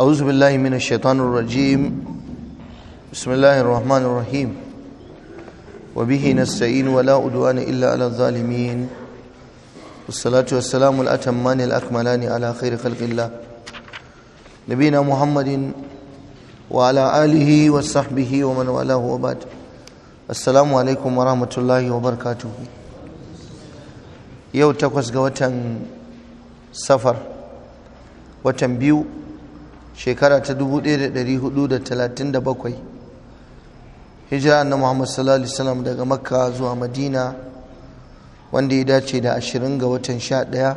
أعوذ بالله من الشيطان الرجيم بسم الله الرحمن الرحيم وبه نستعين ولا أدوان إلا على الظالمين والصلاة والسلام الأتمان الأكملان على خير خلق الله نبينا محمد وعلى آله وصحبه ومن والاه وبعد السلام عليكم ورحمة الله وبركاته يوم تقوس سفر watan biyu shekara ta 1437 hijira na muhammad sallallahu alaihi wasallam daga makka zuwa madina wanda ya dace da 20 ga watan 11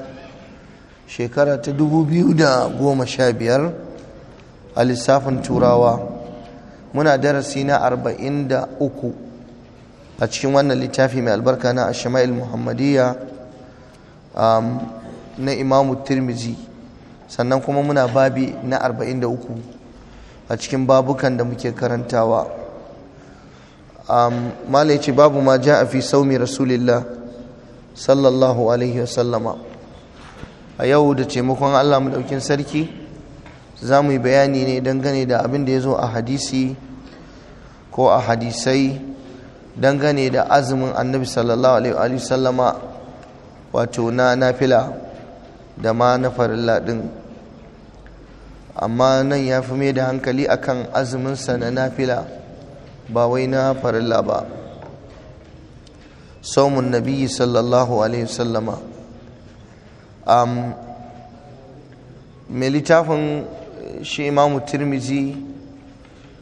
shekara ta 2015 a lissafin turawa muna darasi na 43 a cikin wannan littafi mai albarka na ashama'il muhammadiyya um, na imamu tirmizi sannan kuma muna babi na 43 a cikin babukan da muke karantawa mala ce babu ma ja a fi saumi rasulillah sallallahu alaihi wasallama a yau da taimakon allah ɗaukin sarki za mu yi bayani ne dangane da abin da ya zo a hadisi ko a hadisai dangane da azumin annabi sallallahu alaihi wasallama wato na nafila da ma na farilla ɗin amma nan ya fi mai da hankali akan azuminsa na nafila ba wai na farilla ba saumun nabi sallallahu alaihi wasallama um, mai littafin shi imamu turmizi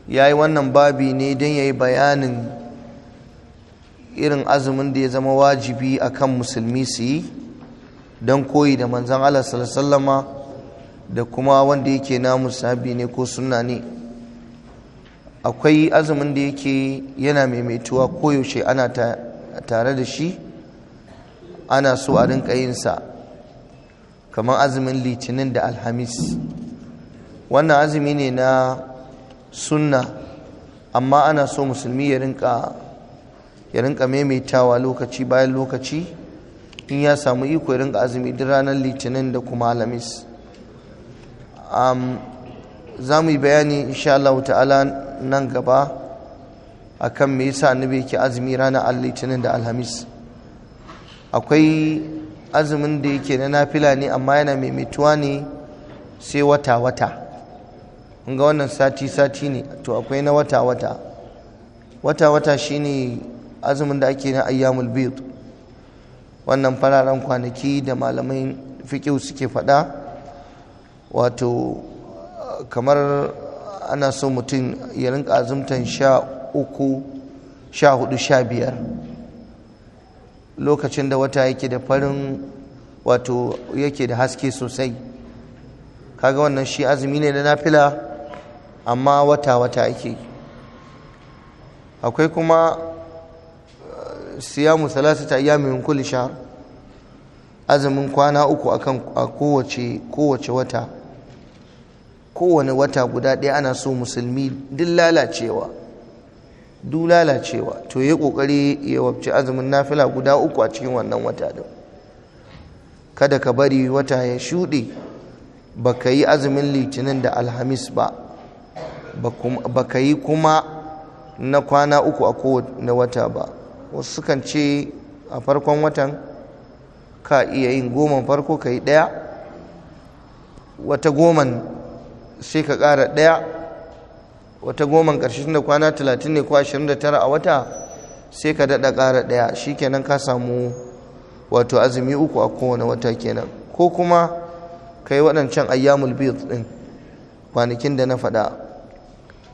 ya yi wannan babi ne don ya yi bayanin irin azumin da ya zama wajibi akan musulmi su yi don koyi da manzan Allah sallallahu da kuma wanda yake na musabi ne ko sunna ne akwai azumin da yake yana maimaituwa koyaushe ana tare da shi ana so a rinka yinsa kamar azumin litinin da alhamis wannan azumi ne na sunna amma ana so musulmi ya rinka ya rinka maimaitawa lokaci bayan lokaci in ya samu iko ya rinka azumi duk ranar litinin da kuma alhamis za mu yi bayani insha Allah ta'ala nan gaba akan me yasa annabi yake azumi ranar litinin da alhamis akwai azumin da yake na nafila ne amma yana maimaituwa ne sai wata-wata ga wannan sati-sati ne to akwai na wata-wata wata-wata shine azumin da ake na ayyamul bid wannan fararen kwanaki da malamai fiƙiu suke faɗa wato kamar ana so mutum ya rinka azumtan sha uku sha hudu sha biyar lokacin da wata yake da farin wato yake da haske sosai kaga wannan shi azumi ne na nafila amma wata-wata ake akwai kuma siya siyamu salasata ayyamin kulli sha, azumin kwana uku akan a kowace wata kowane wata guda ɗaya ana so musulmi duk lalacewa duk lalacewa to ya kokari ya wabce azumin nafila guda uku a cikin wannan wata ɗin? kada ka bari wata ya shuɗe ba ka yi azumin litinin da alhamis ba ba ka yi kuma na kwana uku a kowane wata ba wasu sukan ce a farkon watan ka iya yin goma farko ka yi ɗaya wata goman sai ka ƙara ɗaya wata goman ƙarshe da kwana 30 ne ko 29 a wata sai ka daɗa ƙara ɗaya shi kenan ka samu wato azumi uku a kowane wata kenan ko kuma ka yi waɗancan ayyamul bid ɗin kwanakin da na faɗa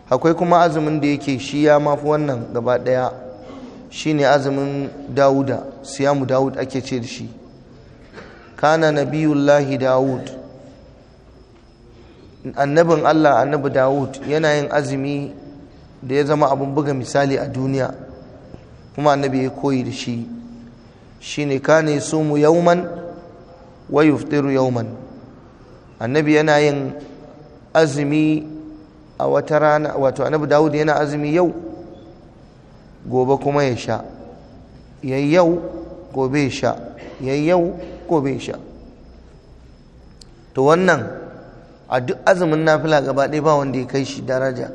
akwai kuma azumin da yake shi ya mafi wannan gaba ɗaya ne azumin dawuda siyamu dawud ake ce da shi kana nabiyullahi dawud annabin Allah annabi Dawud yana yin azumi da ya zama abin buga misali a duniya kuma annabi ya koyi da shi shine kane sumu yauman wa yuftiru yauman. annabi yana yin azumi a wata rana wato annabi Dawud yana azumi yau gobe kuma ya sha yayi yau gobe ya sha yayi yau gobe ya sha to wannan a duk azumin nafila gaba ɗaya ba wanda ya kai shi daraja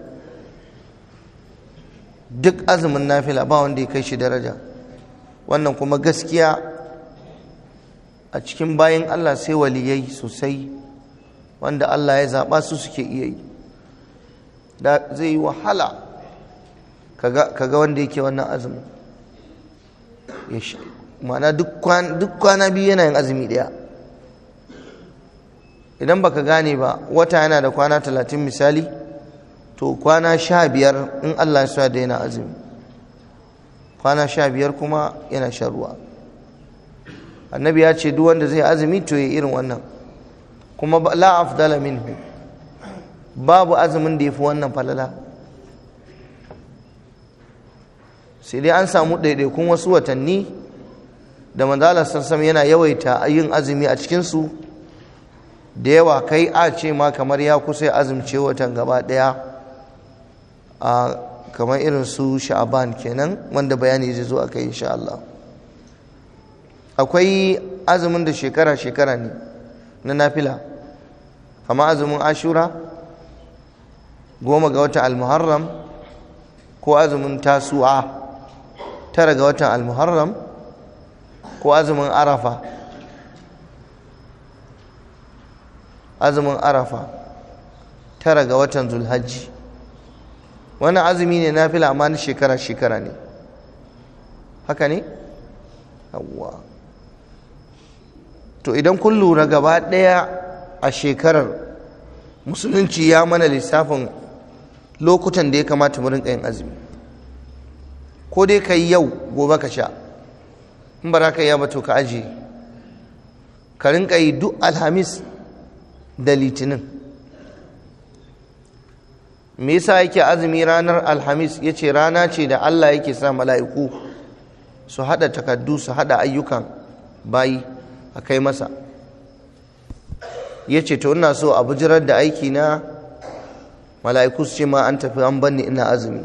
duk azumin nafila ba wanda ya kai shi daraja wannan kuma gaskiya a cikin bayan Allah sai waliyai sosai wanda Allah ya zaɓa su suke iya yi zai yi wahala kaga wanda yake wannan azumin mana duk kwana biyu yana yin azumi ɗaya idan baka gane ba wata yana da kwana talatin misali to kwana sha biyar in allah ya sa da yana azumi kwana sha biyar kuma yana shan ruwa annabi ya ce duk wanda zai azumi to ya irin wannan kuma la afdala minhu babu azumin da ya fi wannan falala sai dai an samu kun wasu watanni da manzalar sassam yana yawaita yin azumi a cikinsu da yawa kai a ce ma kamar ya kusa azumce watan gaba daya a kamar irin su sha'aban kenan wanda bayani zai zo akai insha Allah akwai azumin da shekara shekara ne na nafila kama azumin ashura goma ga watan almuharram ko azumin tasu'a tara ga watan almuharram ko azumin arafa azumin arafa tara ga watan zulhajji wani azumi ne na fila amma shekara-shekara ne haka ne? yawwa to idan kun lura gaba ɗaya a shekarar musulunci ya mana lissafin lokutan da ya kamata mu ɗayan azumi ko dai ka yi yau gobe ka sha in ba za ka yi ba to ka ajiye ka rinka yi duk alhamis da litinin me yasa yake azumi ranar alhamis ya ce rana ce da allah yake sa mala'iku su hada takardu su haɗa ayyukan bayi a kai masa ya ce to ina so a bujirar da aiki na mala'iku su ce ma an tafi an banni ina azumi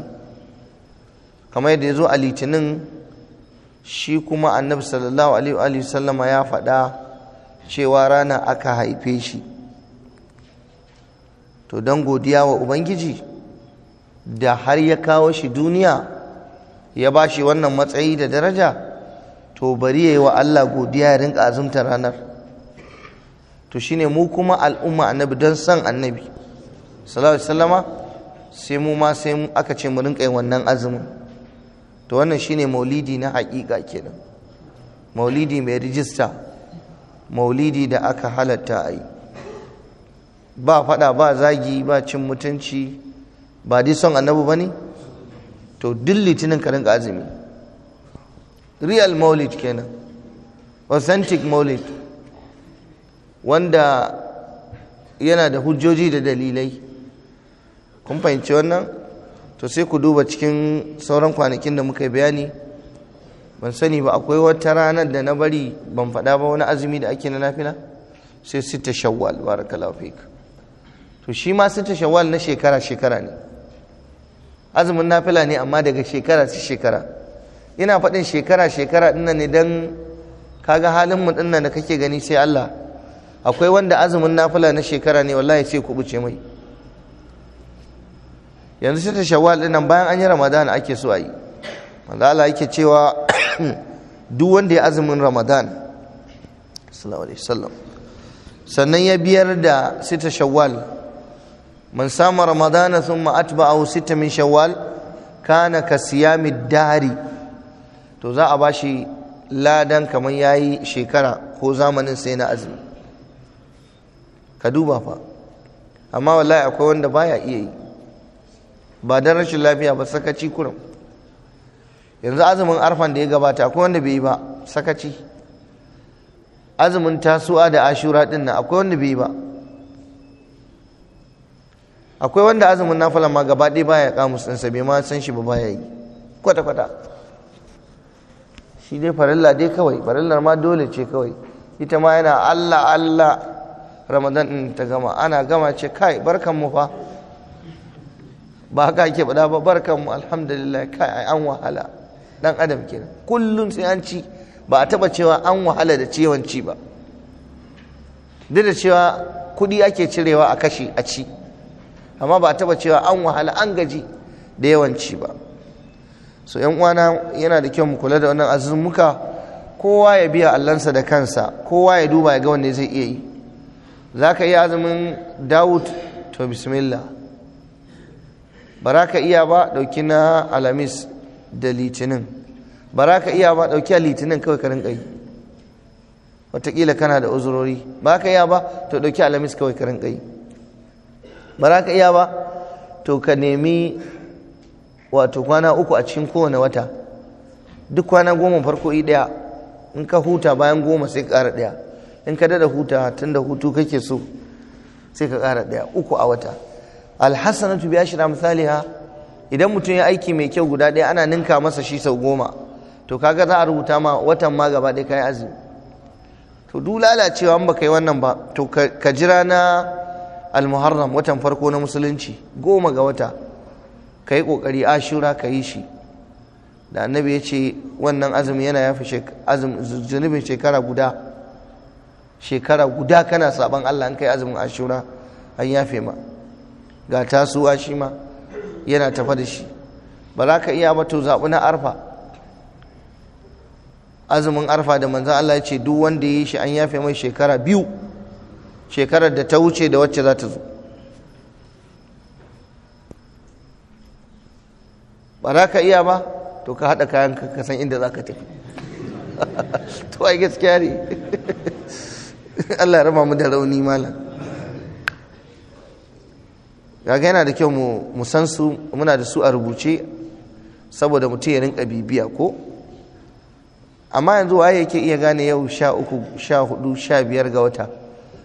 kamar yadda ya zo a litinin shi kuma annabi sallallahu alaihi wa ya faɗa cewa rana aka haife shi to don godiya wa ubangiji da har ya kawo shi duniya ya ba shi wannan matsayi da daraja to bari ya yi wa allah godiya ya rinka azumta ranar to shine mu kuma al'umma annabi don san annabi sallallahu alaihi sai mu ma sai mu aka ce mu rinka yin wannan azumin to wannan shine maulidi na haƙiƙa kenan maulidi mai rijista maulidi da aka halatta a yi ba faɗa ba zagi ba cin mutunci ba dai son annabu ba ne to duk litinin ka azumi real maulid kenan authentic maulid wanda yana da hujjoji da dalilai kun fahimci wannan to sai ku duba cikin sauran kwanakin da muka bayani ban sani ba akwai wata ranar da na bari ban faɗa ba wani azumi da ake na nafila sai sita shawwal barakallahu to shi ma sita shawwal na shekara shekara ne azumin nafila ne amma daga shekara su shekara ina faɗin shekara shekara dinnan ne don kaga halin mu dinnan da kake gani sai Allah akwai wanda azumin nafila na shekara ne wallahi sai kubuce mai yanzu sita shawwal dinnan bayan an yi ramadan ake so a yi manzo Allah yake cewa duk wanda ya azumin ramadan sallallahu alaihi wasallam sannan ya biyar da sita shawwal من صام رمضان ثم أتبعه ستة Kana شوال كان كصيام الدهر to za a bashi ladan kamar yayi shekara ko zamanin sai na azumi ka duba fa amma wallahi akwai wanda baya iya yi ba don rashin lafiya ba sakaci kurum yanzu azumin arfan da ya gabata akwai wanda bai yi ba sakaci azumin tasuwa da ashura din akwai wanda bai yi ba akwai wanda azumin nafila ma gaba ɗaya baya kamus ɗinsa bai ma san shi ba baya yi kwata kwata shi dai farilla dai kawai farillar ma dole ce kawai ita ma yana Allah Allah ramadan ɗin ta gama ana gama ce kai barkan mu fa ba haka ake faɗa ba barkan mu alhamdulillah kai an wahala dan adam kenan kullum sai an ci ba a taba cewa an wahala da ciwon ci ba duk da cewa kuɗi ake cirewa a kashe a ci amma ba a taba cewa an wahala an gaji da yawanci ba so yan uwana yana da kyau mu kula da wannan azumuka kowa ya biya allansa da kansa kowa ya duba ya ga wanda zai iya yi za ka iya azumin dawud to bismillah ba za ka iya ba ɗauki na alamis da litinin ba za ka iya ba ɗauki a litinin kawai ka rinka yi wataƙila kana da uzurori ba ka iya ba to ɗauki alamis kawai ka rinka yi ba za ka iya ba to ka nemi wato kwana uku a cikin kowane wata duk kwana goma farko i ɗaya in ka huta bayan goma sai ka ƙara ɗaya in ka dada huta tun da hutu kake so sai ka ƙara ɗaya uku a wata alhassanatu bi misali ha. idan mutum ya aiki mai kyau guda ɗaya ana ninka masa shi sau goma to kaga za a rubuta ma watan ma gaba ɗaya kayan azumi to duk lalacewa in baka yi wannan ba to ka jira na almuharram watan farko na musulunci goma ga wata ka yi ƙoƙari ashura ka yi shi da annabi ya ce wannan azumi yana yafi zunubin shekara guda shekara guda kana saban allah an kai azumin ashura an yafe ma ga tasowa shi ma yana tafa da shi ba za ka iya ba to zaɓi na arfa azumin arfa da manzan allah ya ce duk wanda ya yi shi an yafe mai shekara biyu shekarar da ta wuce da wacce za ta zo ba za ka iya ba to ka haɗa kayan ka san inda za ka tafi to ai gaskiya ne Allah ya rama mu da rauni malam ya yana da kyau mu san su muna da su a rubuce saboda mutum ya rinka bibiya ko amma yanzu waye yake iya gane yau sha uku sha hudu sha biyar ga wata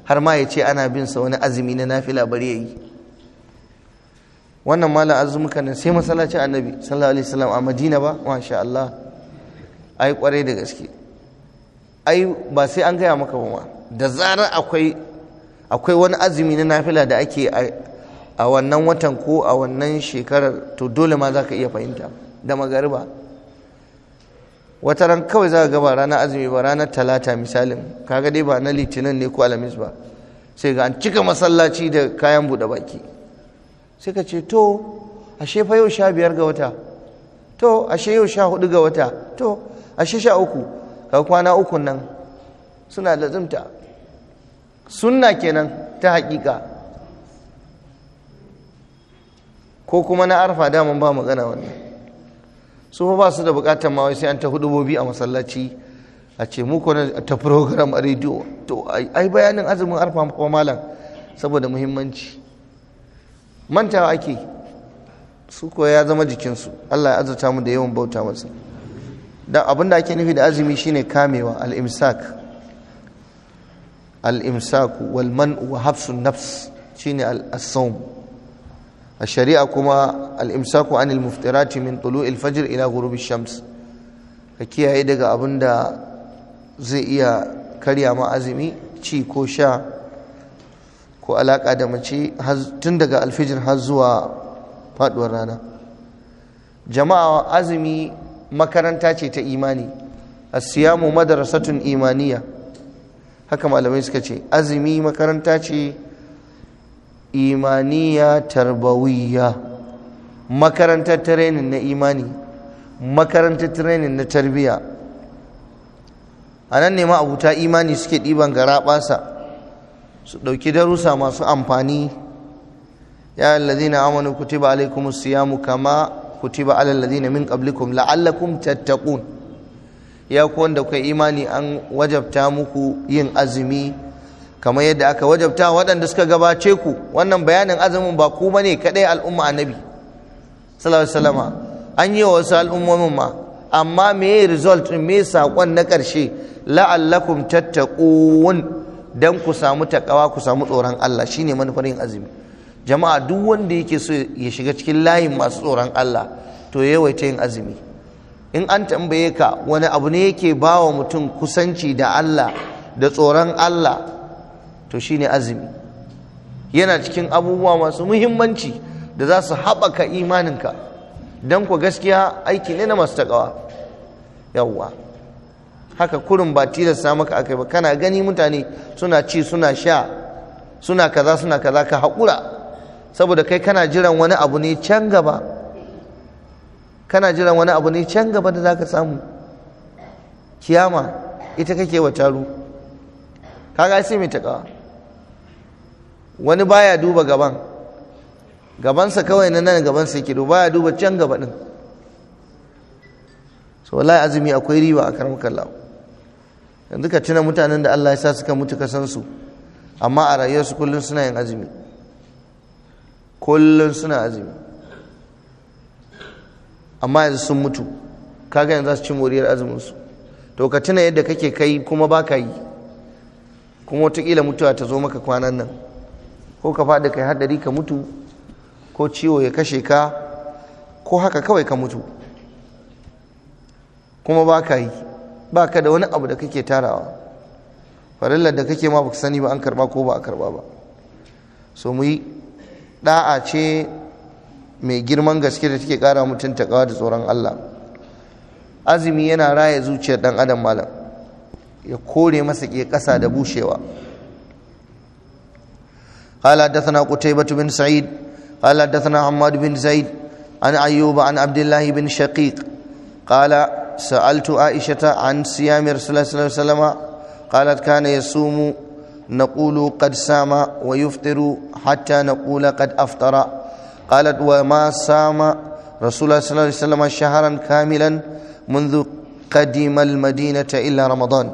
har ma ya ce ana bin sa wani azumi na nafila bari yayi wannan mala azumuka nan sai masallacin annabi sallallahu alaihi wasallam a madina ba masha Allah ai kwarai da gaske ai ba sai an gaya maka ba ma da zarar akwai akwai wani azumi na nafila da ake a wannan watan ko a wannan shekarar to dole ma za ka iya fahimta da magariba wata ran kawai za ka gaba ranar azumi ba ranar talata misalin kaga dai ba na litinin ne ko alamis ba sai ga an cika masallaci da kayan buɗe baki sai ka ce to ashe fa yau sha biyar ga wata to ashe yau sha hudu ga wata to ashe sha uku ga kwana ukun nan suna lazimta sunna kenan ta hakika ko kuma na arfa daman ba magana wannan su ba su da bukatar ma sai an ta bobi a masallaci a ce muku na ta program a rediyo to ai bayanin azumin arfa ko malam saboda muhimmanci Manta ake su ko ya zama jikinsu Allah ya azurta mu da yawan bauta masa dan abin da ake nufi da azumi shine kamewa al-imsak al-imsak wal man wa hafsun nafs shine al-sawm a shari'a kuma al'imsaku anil muftirati min tulu ilfajir ila gurubi shams ka kiyaye daga abin da zai iya karya ma azumi ci ko sha ko alaƙa da mace tun daga alfijir har zuwa faɗuwar rana jama'a azumi makaranta ce ta imani A madara madarasatun imaniya haka malamai suka ce azumi makaranta ce imaniya tarbawiya makarantar training na imani makarantar training na tarbiyya a nan ne ma'abuta imani suke ɗiban gara ɓasa su ɗauki darusa masu amfani ya allazina amanu kutiba alaikum siyamu kama kutiba alal ladina min qablikum la'allakum tattaqun ya ku wanda kai imani an wajabta muku yin azumi kamar yadda aka wajabta waɗanda suka gabace ku wannan bayanin azumin ba ku bane kadai al'umma annabi sallallahu alaihi an yi wasu al'ummomin ma amma me result me sakon na ƙarshe la'allakum tattaqun dan ku samu takawa ku samu tsoron Allah shine manufar yin azumi jama'a duk wanda yake so ya shiga cikin layin masu tsoron Allah to ya yawaita yin azumi in an tambaye ka wani abu ne yake bawa mutum kusanci da Allah da tsoron Allah to shine azumi yana cikin abubuwa masu muhimmanci da za su haɓaka imaninka don ku gaskiya aiki ne na masu taƙawa yawwa haka kurin ba tilasta maka aka ba kana gani mutane suna ci suna sha suna kaza suna kaza ka haƙura saboda kai kana jiran wani abu ne can gaba kana jiran wani abu ne can gaba da za ka samu kiyama ita kake wa taru kaga sai mai taƙawa wani baya duba gaban gabansa kawai na nan sai yake duba baya duba can gaba din so wallahi azumi akwai riba a karamar kallawa yanzu ka tuna mutanen da Allah ya sa suka mutu ka san su amma a rayuwarsu kullum suna yin azumi kullum suna azumi amma yanzu sun mutu kaga yanzu za su ci moriyar azumin su to ka tuna yadda kake kai kuma ba ka yi kuma wataƙila mutuwa ta zo maka kwanan nan ko ka faɗi kai haddari ka mutu ko ciwo ya kashe ka ko haka kawai ka mutu kuma ba ka yi ba ka da wani abu da kake tarawa farillar da kake ma baka sani ba an karba ko ba a karba ba so mu yi da'a ce mai girman gaske da take kara mutunta takawa da tsoron Allah azumi yana raya zuciyar dan adam malam ya kore masa ke kasa da bushewa قال حدثنا قتيبة بن سعيد قال حدثنا حماد بن زيد عن أيوب عن عبد الله بن شقيق قال سألت عائشة عن صيام رسول الله صلى الله عليه وسلم قالت كان يصوم نقول قد سام ويفطر حتى نقول قد أفطر قالت وما سام رسول الله صلى الله عليه وسلم شهرا كاملا منذ قدم المدينة إلا رمضان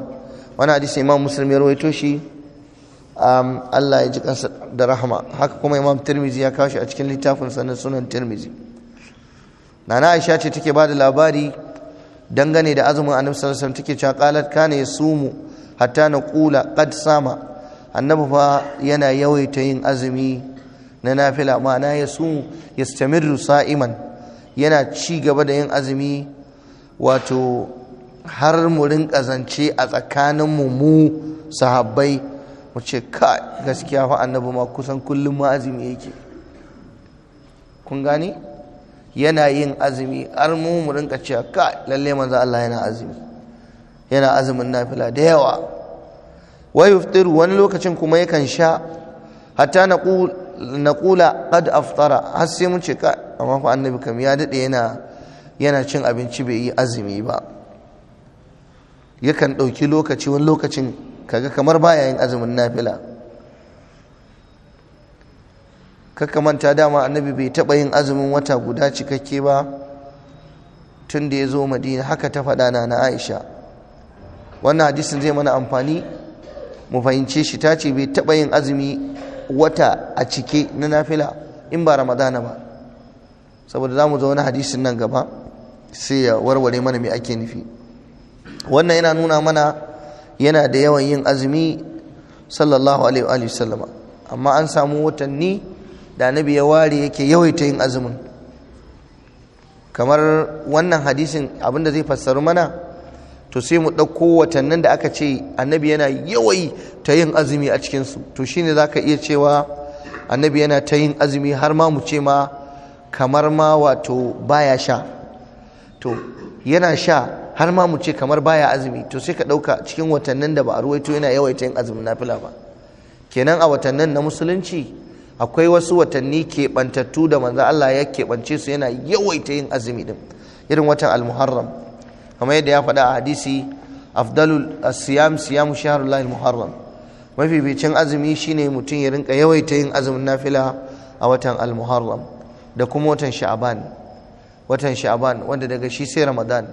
وانا حديث إمام مسلم يروي توشي Um, Allah ya ji kansa da rahama haka kuma imam tirmizi ya kawo shi a cikin littafin sanin sunan tirmizi nana aisha ce take ba da labari dangane da azumin annabi sallallahu alaihi take cewa qalat kana yasumu hatta naqula qad sama annabi fa yana yawaita yin azumi na nafila ma'ana yasumu yastamirru sa'iman yana ci gaba da yin azumi wato har mu rinka zance a tsakanin mu sahabbai mu ce ka gaskiya fa annabi ma kusan kullum ma azumi yake kun gani yana yin azumi har mu mu rinka cewa ka lalle manzo Allah yana azumi yana azumin nafila da yawa wa yuftiru wani lokacin kuma yakan sha hatta na kula qad aftara har sai mun ce ka amma fa annabi kam ya dade yana yana cin abinci bai yi azumi ba yakan ɗauki lokaci wani lokacin kaga kamar baya yin azumin nafila kaka manta dama annabi bai taɓa yin azumin wata guda cikakke ba tun da ya zo madina haka ta faɗa na na aisha wannan hadisin zai mana amfani mu fahimce shi ta ce bai taɓa yin azumi wata a cike na nafila in ba ramadana ba saboda za mu zo wani hadisin nan gaba sai ya warware mana mai ake nufi wannan yana nuna mana yana da yawan yin azumi sallallahu alaihi sallama amma an samu watanni da annabi ya ware yake yawaita yin azumin kamar wannan hadisin abinda zai fassaru mana to sai mu ɗauko watannin da aka ce annabi yana yawai ta yin azumi a cikinsu to shine za ka iya cewa annabi yana ta yin azumi har ma mu ce ma kamar ma wato baya sha to yana sha har ma mu ce kamar baya azumi to sai ka ɗauka cikin watannin da ba a ruwaito yana yawaita yin azumin nafila ba kenan a watannin na musulunci akwai wasu watanni keɓantattu da manzo Allah ya keɓance su yana yawaita yin azumi din irin watan al-muharram kamar yadda ya faɗa a hadisi afdalul asiyam siyam shahrul muharram mafificin azumi shine mutum ya rinka yawaita yin azumin nafila a watan al-muharram da kuma watan sha'aban watan sha'aban wanda daga shi sai ramadan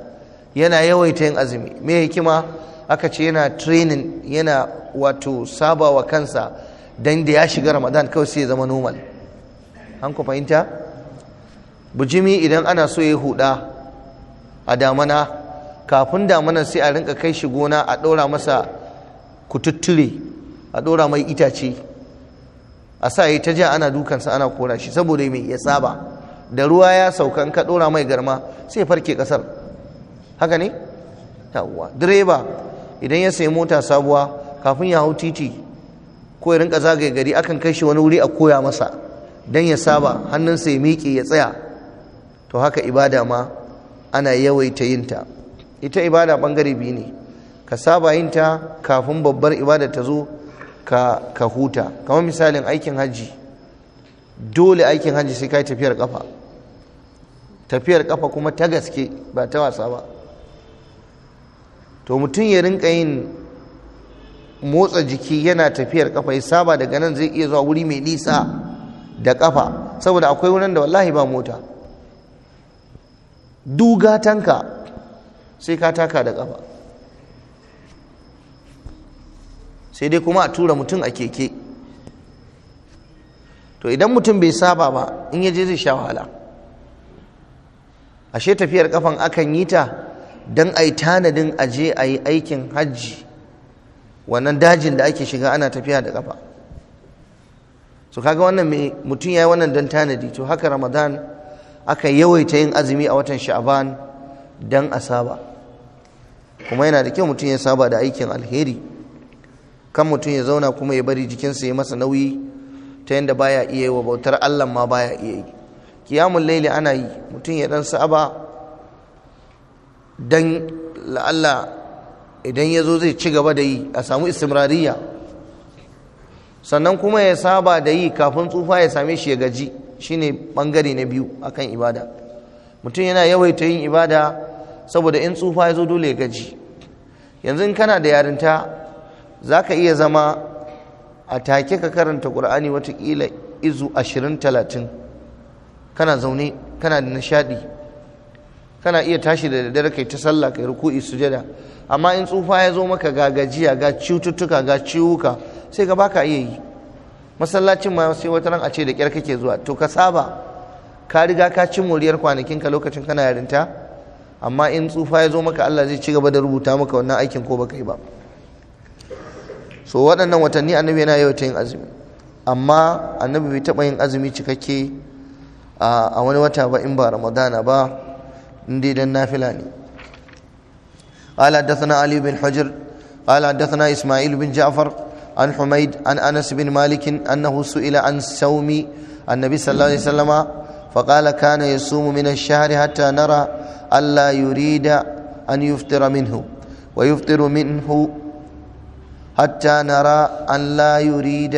yana yawaita yin azumi me hikima aka ce yana training yana wato sabawa kansa don da ya shiga ramadan kawai sai ya zama normal an ku fahimta bujimi idan ana so ya huda a damana kafin damana sai a rinka kai shi gona a ɗora masa kututture a ɗora mai itace a sa yi ta ja ana dukansa ana kora shi saboda mai ya saba da ruwa ya sauka in ka ɗora mai garma sai farke ƙasar haka ne yawwa direba idan ya sayi mota sabuwa kafin ya hau titi ko ya rinka zagaye gari akan kai shi wani wuri a koya masa dan ya saba hannunsa ya miƙe ya tsaya to haka ibada ma ana yawaita yinta ita ibada bangare biyu ne ka saba ta kafin babbar ibada ta zo ka, huta kamar misalin aikin hajji dole aikin hajji sai ka yi tafiyar kafa tafiyar kafa kuma ta gaske ba ta wasa ba to mutum ya rinka yin motsa jiki yana tafiyar kafa ya saba daga nan zai iya zuwa wuri mai nisa da kafa saboda akwai wurin da wallahi ba mota dugatanka sai ka taka da kafa sai dai kuma a tura mutum a keke to idan mutum bai saba ba in yaje zai sha wahala ashe tafiyar kafan akan yi ta don a yi tanadin aje a yi aikin hajji wannan dajin da ake shiga ana tafiya da ƙafa so kaga wannan mai mutum ya yi wannan don tanadi to haka ramadan aka yawaita yin azumi a watan sha'aban don a saba kuma yana da kyau mutum ya saba da aikin alheri kan mutum ya zauna kuma ya bari jikinsa ya masa nauyi ta yadda baya iya yi wa bautar allah ma baya iya yi kiyamun laili ana yi mutum ya dan saba don la'alla idan ya zo zai ci gaba da yi a samu istimrariya sannan kuma ya saba da yi kafin tsufa ya same shi ya gaji shine bangare na biyu akan ibada mutum yana yawaita yin ibada saboda in tsufa ya zo dole ya gaji yanzu kana da yarinta za ka iya zama a take ka karanta ƙur'ani watakila izu ashirin talatin kana zaune kana da nishadi? kana iya tashi da daddare kai ta sallah kai ruku'i sujada amma in tsufa ya zo maka ga gajiya ga cututtuka ga ciwuka sai ga baka iya yi masallacin ma sai wata ran a ce da kyar kake zuwa to ka saba ka riga ka ci muriyar kwanakin ka lokacin kana yarinta amma in tsufa ya zo maka Allah zai ci gaba da rubuta maka wannan aikin ko baka yi ba so waɗannan watanni annabi yana yawaita yin azumi amma annabi bai taɓa yin azumi cikakke a wani wata ba in ba ramadana ba indai dan nafila ne قال حدثنا علي بن حجر قال حدثنا إسماعيل بن جعفر عن حميد عن أنس بن مالك أنه سئل عن صوم النبي صلى الله عليه وسلم فقال كان يصوم من الشهر حتى نرى ألا يريد أن يفطر منه ويفطر منه حتى نرى أن لا يريد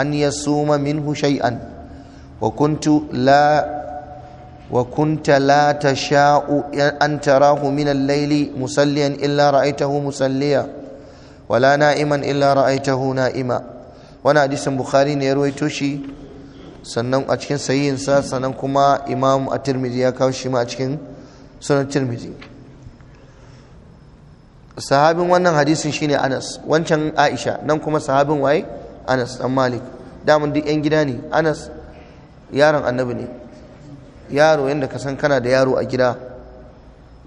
أن يصوم منه شيئا وكنت لا وكنت لا تشاء أن تراه من الليل مصليا إلا رأيته مصليا ولا نائما إلا رأيته نائما وانا حديث البخاري نيروي توشي sannan a cikin sayinsa sannan kuma imam a tirmidhi ya kawo shi ma a cikin sunan tirmidhi sahabin wannan hadisin shine anas wancan aisha nan kuma sahabin waye anas dan malik damun duk yan gida ne anas yaron annabi ne yaro yadda ka san kana da yaro a gida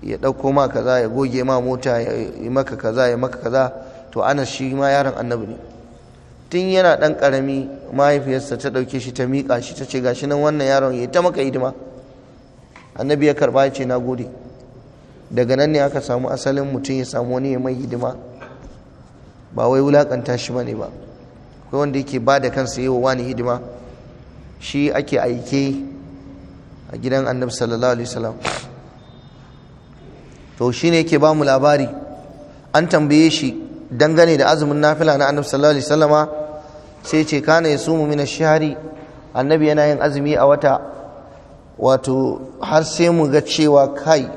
ya ɗauko ma kaza ya goge ma mota ya yi maka kaza ya maka kaza to ana shi ma yaron annabi ne tun yana ɗan ƙarami mahaifiyarsa ta ɗauke shi ta miƙa shi ta ce gashi nan wannan yaron ya ta maka hidima annabi ya karɓa ya ce na gode daga nan ne aka samu asalin mutum ya samu wani ya mai hidima ba wai wulaƙanta shi ba ne ba akwai wanda yake ba da kansa yi wa wani hidima shi ake aike a gidan annabi sallallahu alaihi wasallam to shine yake ba mu labari an tambaye shi dangane da azumin nafila na annabi sallallahu alaihi wasallama sai ce kana yasumu min ash-shahri annabi yana yin azumi a wata wato har sai mu ga cewa kai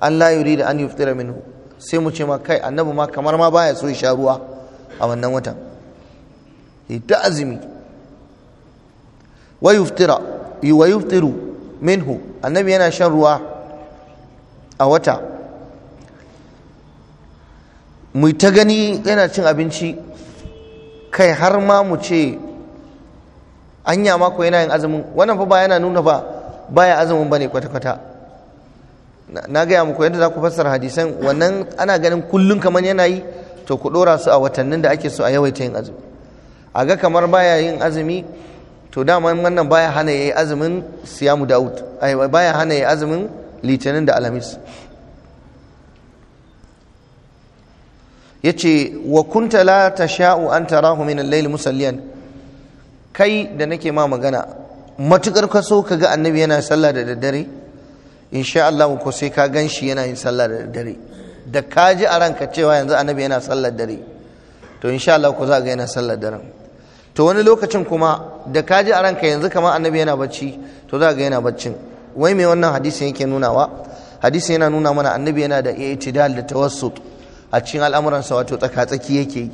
Allah yuri da an yuftira minhu sai mu ce ma kai annabi ma kamar ma baya so ya sha ruwa a wannan watan ita azumi wa yuftira wa yuftiru minhu annabi yana shan ruwa a wata mu ta gani yana cin abinci kai har ma mu ce anya mako yana yin azumin wannan fa ba yana nuna ba baya azumin bane kwata-kwata na gaya muku yadda za ku fassara hadisan wannan ana ganin kullum kamar yana yi to ku ɗora su a watannin da ake so a yawaita yin azumi a ga kamar baya yin azumi to dama wannan baya hana ya yi azumin siyamu daud baya hana ya yi azumin litinin da alhamis ce wa kunta la sha'u an tarahu min al musalliyan kai da nake ma magana matukar ka ga annabi yana sallah da daddare insha Allah ko sai ka ganshi yana yin sallah da daddare da ka ji a ranka cewa yanzu annabi yana sallar dare to insha Allah ko za ga yana sallar daren to wani lokacin kuma da ka ji a ranka yanzu kamar annabi yana bacci to za ga yana baccin wai mai wannan hadisin yake nunawa hadisi yana nuna mana annabi yana da i'tidal da tawassut a cikin al'amuransa wato tsaka-tsaki yake yi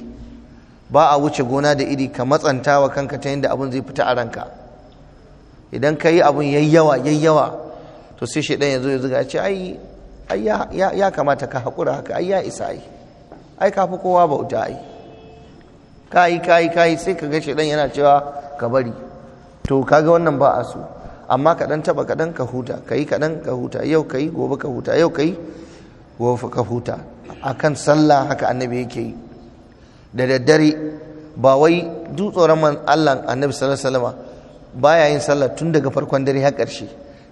ba a wuce gona da iri ka matsantawa kanka ta yadda abun zai fita a ranka idan ka yi abin yayyawa yayyawa to sai shi ya ya zuga ce ai ya kamata ka haƙura haka ai ya isa ai ai ka fi kowa bauta ai kayi kayi kayi sai ka gashi dan yana cewa ka bari to kaga wannan ba a so amma ka dan taba ka dan ka huta kayi ka dan ka huta yau kayi gobe ka huta yau kayi gobe ka huta akan sallah haka annabi yake yi da daddare ba wai duk tsoron man Allah annabi sallallahu alaihi wasallam baya yin sallah tun daga farkon dare har karshe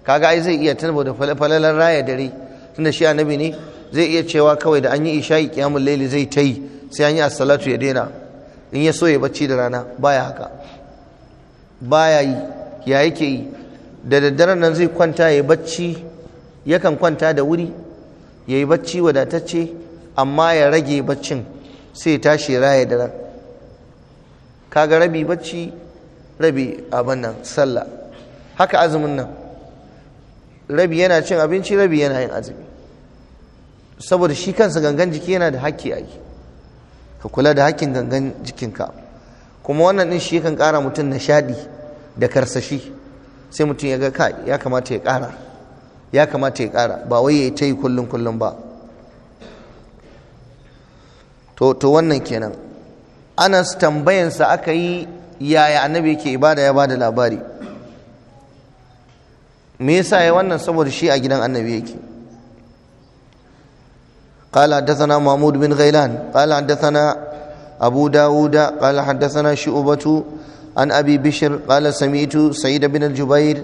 kaga ai zai iya tarbo da falalan raya dare tunda shi annabi ne zai iya cewa kawai da an yi isha'i kiyamul laili zai yi sai an yi as-salatu ya daina in ya so ya bacci da rana baya haka baya yi ya yake yi da daddaren nan zai kwanta ya bacci yakan kwanta da wuri ya yi bacci wadatacce amma ya rage baccin sai tashi raya da kaga rabi bacci rabi abin nan sallah haka azumin nan rabi yana cin abinci rabi yana yin azumi saboda shi kansa gangan jiki yana da haƙƙi a yi ka kula da hakkin gangan jikinka kuma wannan din shi kan kara mutum nishadi da karsashi sai mutum ya ga ka ya kamata ya ƙara ya kamata ya ƙara ba wai ya ta yi kullum kullum ba to to wannan kenan anas tambayansa aka yi yaya annabi yake ibada ya bada labari me yasa ya wannan saboda shi a gidan annabi yake قال حدثنا محمود بن غيلان قال حدثنا أبو داود قال حدثنا شعبة عن أبي بشر قال سمعت سعيد بن الجبير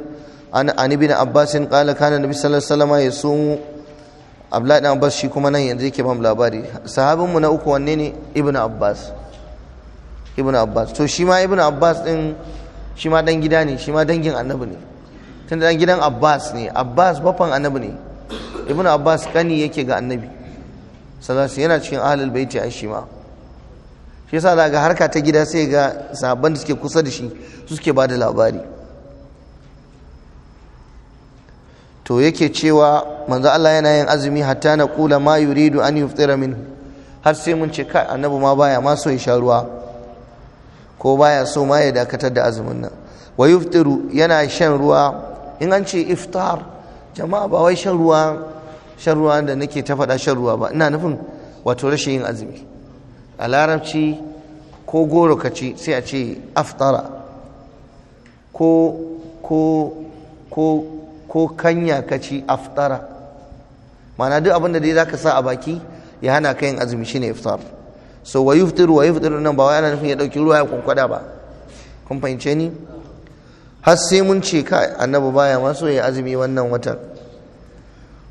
عن عن ابن عباس قال كان النبي صلى الله عليه وسلم يصوم Abdullahi dan Abbas shi kuma nan yanzu yake bamu labari sahabinmu na uku wanne ne Ibn Abbas Ibn Abbas to shi ma Ibn Abbas din shi ma dan gida ne shi ma dangin Annabi ne tunda dan gidan Abbas ne Abbas bafan Annabi ne Ibn Abbas kani yake ga Annabi su yana cikin ahalil baiti a shi ma shi yasa da ga harka ta gida sai ga sahabban da suke kusa da shi su suke ba da labari to yake cewa manzo Allah yana yin azumi hatta na kula ma yuridu an yuftira min har sai mun ce kai annabi ma baya ma so ya sha ruwa ko baya so ma ya dakatar da azumin nan wa yuftiru yana shan ruwa in an ce iftar jama'a ba wai shan ruwa shan ruwa da nake ta faɗa shan ruwa ba ina nufin wato rashin yin azumi a larabci ko goro ka ci sai a ce aftara ko ko ko ko kanya ka ci aftara ma'ana duk abin da dai zaka sa a baki ya hana ka yin azumi shine iftar so wa yuftiru wa yuftiru nan ba wai ana nufin ya dauki ruwa ya kwankwada ba kun fahimce ni har sai mun ce kai annabi baya ma so ya azumi wannan watan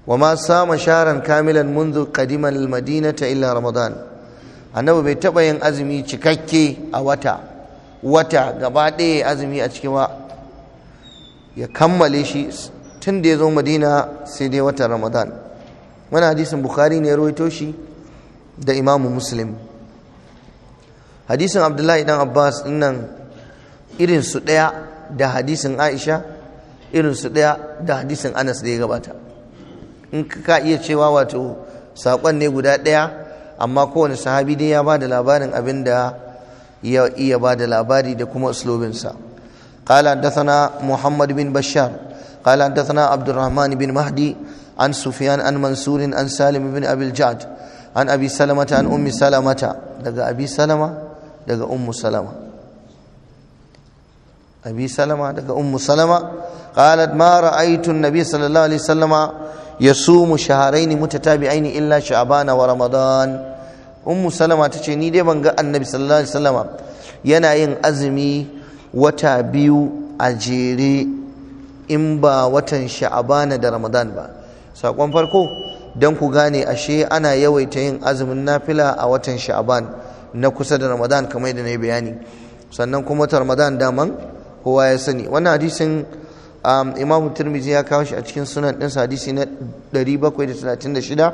wa وما صام شهرا kadiman منذ madina ta إلا ramadan annabi bai taɓa yin azumi cikakke a wata wata gaba ɗaya azumi a cikin wa ya kammale shi tun da ya zo madina sai dai watan ramadan wani hadisin bukhari ne ya shi da imamu muslim hadisin abdullahi dan abbas nan irinsu daya da hadisin aisha irinsu daya ɗaya da hadisin anas da ya gabata in ka iya cewa wato saƙon ne guda ɗaya amma kowane sahabi dai ya ba da labarin abin da ya iya ba da labari da kuma slobinsa قال حدثنا محمد بن بشار قال حدثنا عبد الرحمن بن مهدي عن سفيان عن منصور عن سالم بن bin الجعد عن أبي سلمة عن أم سلمة دقى أبي سلمة دقى أم سلمة أبي سلمة دقى أم سلمة قالت ما رأيت النبي صلى الله عليه وسلم mu ta tabi aini illa na wa ramadan ummu salama ce ni dai ban ga annabi sallallahu alaihi wasallama yana yin azumi wata biyu a jere in ba watan sha'abana da ramadan ba sakon farko don ku gane ashe ana yawaita yin azumin nafila a watan sha'aban na kusa da ramadan kamar yadda na yi bayani sannan kuma ta ramadan daman kowa ya sani wannan hadisin Um, imam turmizi ya kawo shi a cikin sunan din hadisi na 736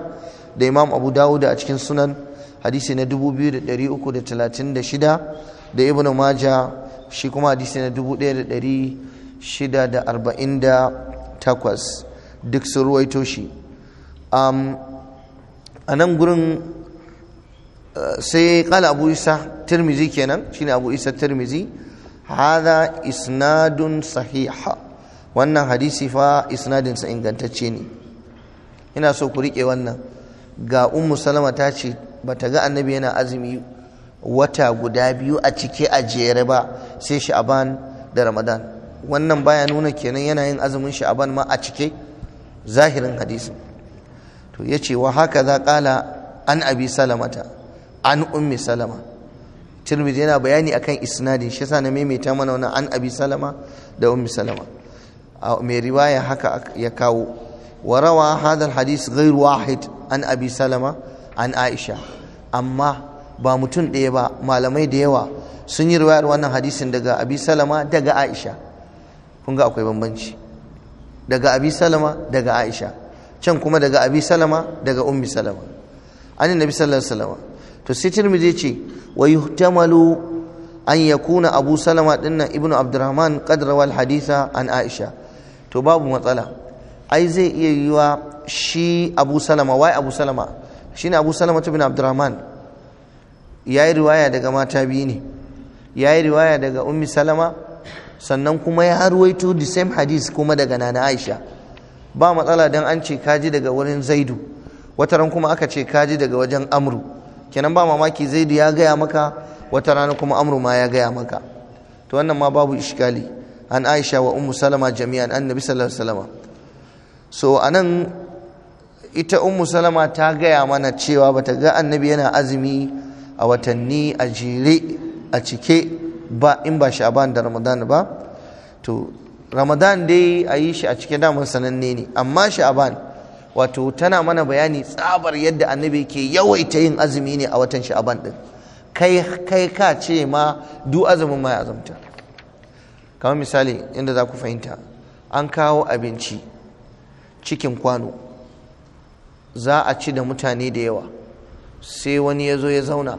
da imam abu dawud a cikin sunan hadisi na 2336 da Ibn maja shi kuma hadisi na 1648 duk sun ruwaito shi um, a nan gurin uh, sai kala abu isa Turmizi kenan shine abu isa Turmizi. hadha isnadun sahiha wannan hadisi fa isnadinsa ingantacce ne ina so ku rike wannan ga ummu salama ta ce bata ga annabi yana azumi wata guda biyu a cike a jere ba sai sha'aban da ramadan wannan baya nuna kenan yana yin azumin sha'aban ma a cike zahirin hadisi to ya ce wa haka za kala an abi salamata an ummi salama tirmidhi yana bayani akan isnadin shi yasa na maimaita mana wannan an abi salama da ummi salama mai riwaya haka ya kawo wa rawa hadha hadis ghairu wahid an abi salama an aisha amma ba mutum ɗaya ba malamai da yawa sun yi riwayar wannan hadisin daga abi salama daga aisha kun ga akwai bambanci daga abi salama daga aisha can kuma daga abi salama daga ummi salama an nabi sallallahu alaihi Salama. to sai tirmidhi ce wa yuhtamalu an yakuna abu salama dinnan ibnu abdurrahman qad Hadisa an aisha to babu matsala ai zai iya yiwa shi abu salama wai abu salama ne abu salama bin abdurrahman ya yi riwaya daga mata biyu ne ya yi riwaya daga ummi salama sannan kuma ya ruwaito the same hadith kuma daga nana aisha ba matsala don an ce kaji daga wurin zaidu wata ran kuma aka ce kaji daga wajen amru kenan ba mamaki zaidu ya gaya maka wata rana kuma amru ma ya gaya maka to wannan ma babu ishkali an aisha wa ummu salama jami'an annabi sallallahu alaihi wasallam so anan ita ummu salama ta gaya mana cewa bata ga annabi yana azumi a watanni a jere a cike ba in ba sha'ban da ramadan ba to ramadan dai a yi shi a cike damar sananne ne amma sha'ban wato tana mana bayani tsabar yadda annabi ke yawaita yin azumi ne a watan sha'ban din kai kai ka ce ma du azumin ma ya azumta kamar misali inda za ku fahimta an kawo abinci cikin kwano za a ci da mutane da yawa sai wani ya zo ya zauna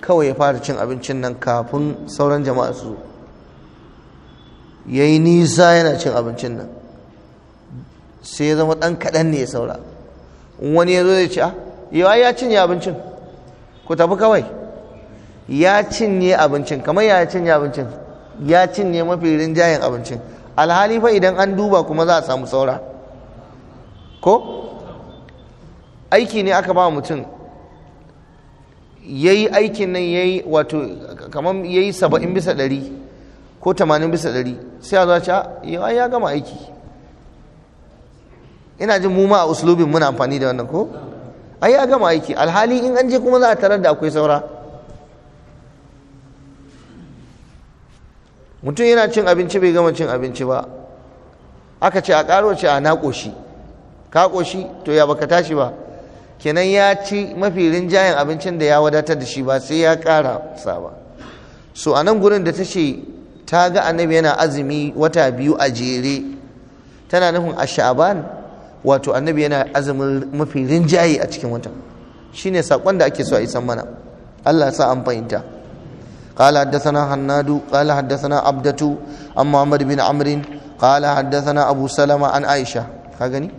kawai ya fara cin abincin nan kafin sauran jama'a su ya yi nisa yana cin abincin nan sai ya zama ɗan kaɗan ne ya saura wani ya zo ya ce a ah, yawa ya cinye abincin ku tafi kawai ya cinye abincin kamar ya cinye abincin ya cinye mafi rinjayen abincin alhali fa idan an duba kuma za a samu saura ko aiki ne aka ba mutum ya yi aikin nan ya yi wato kamar ya yi saba'in bisa ɗari ko tamanin bisa ɗari sai a zuwa ah, ya ya gama aiki ina jin mu ma a uslubin muna amfani da wannan ko ai ya gama aiki alhali in an je kuma za a tarar da akwai saura mutum yana cin abinci bai gama cin abinci ba aka ce a ƙaro ce a naƙoshi. ƙoshi to ya baka tashi ba kenan ya ci mafi rinjayen abincin da ya wadatar da shi ba sai ya ƙara sa ba so a nan gurin da ta ce ta ga annabi yana azumi wata biyu a jere tana nufin a sha'aban wato annabi yana azumin mafi rinjaye a cikin wata shine saƙon da ake so a isan mana Allah sa an fahimta قال حدثنا حناد قال حدثنا عبدة عن محمد بن عمرو قال حدثنا أبو سلمة عن عائشة كاغني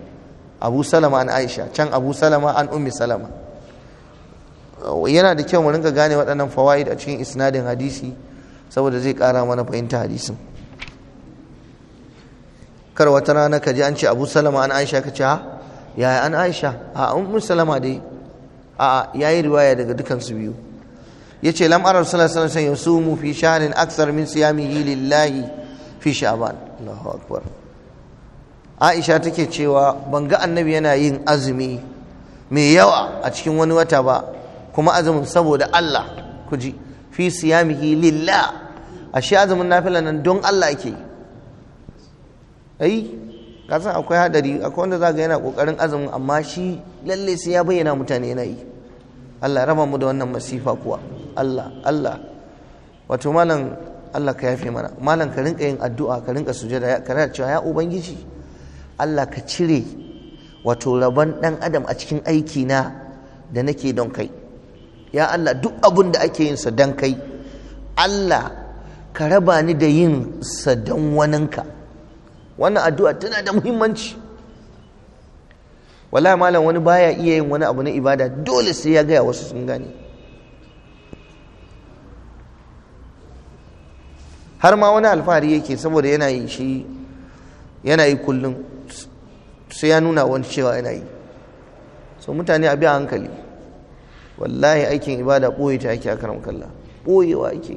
أبو سلمة عن عائشة كان أبو سلمة عن أم سلمة yana da kyau mu rinka gane waɗannan fawaid a cikin isnadin hadisi saboda zai ƙara mana fahimta hadisin kar wata rana ka ji an ce abu salama an aisha ka ce ha yaya an aisha a ummu salama dai a yayi riwaya daga dukansu biyu Ya ce ara sallallahu alaihi wasallam yasumu fi shahrin akthar min siyamihi lillahi fi sha'ban Allahu akbar Aisha take cewa ban ga annabi yana yin azumi mai yawa a cikin wani wata ba kuma azumin saboda Allah kuji fi siyamihi lillah ashe azumin nafila nan don Allah ake ai san akwai hadari akwai wanda za ga yana kokarin azumin amma shi lalle sai ya bayyana mutane yana yi Allah raba mu da wannan masifa kuwa Allah Allah wato malam Allah ka yafe mana malam ka rinka yin addu'a ka rinka sujada ka rinka cewa ya ubangiji Allah ka cire wato rabon dan adam a cikin aiki na da nake don kai ya Allah duk abun da ake yin sa don kai Allah ka raba ni da yin sa don waninka wannan addu'a tana da muhimmanci wallahi malam wani baya iya yin wani abu na ibada dole sai ya gaya wasu sun gane har ma wani alfahari yake saboda yana yi shi yana yi kullum sai ya nuna wani cewa yana yi so mutane a biya hankali wallahi aikin ibada ɓoye ta ake karam kalla ɓoyewa ake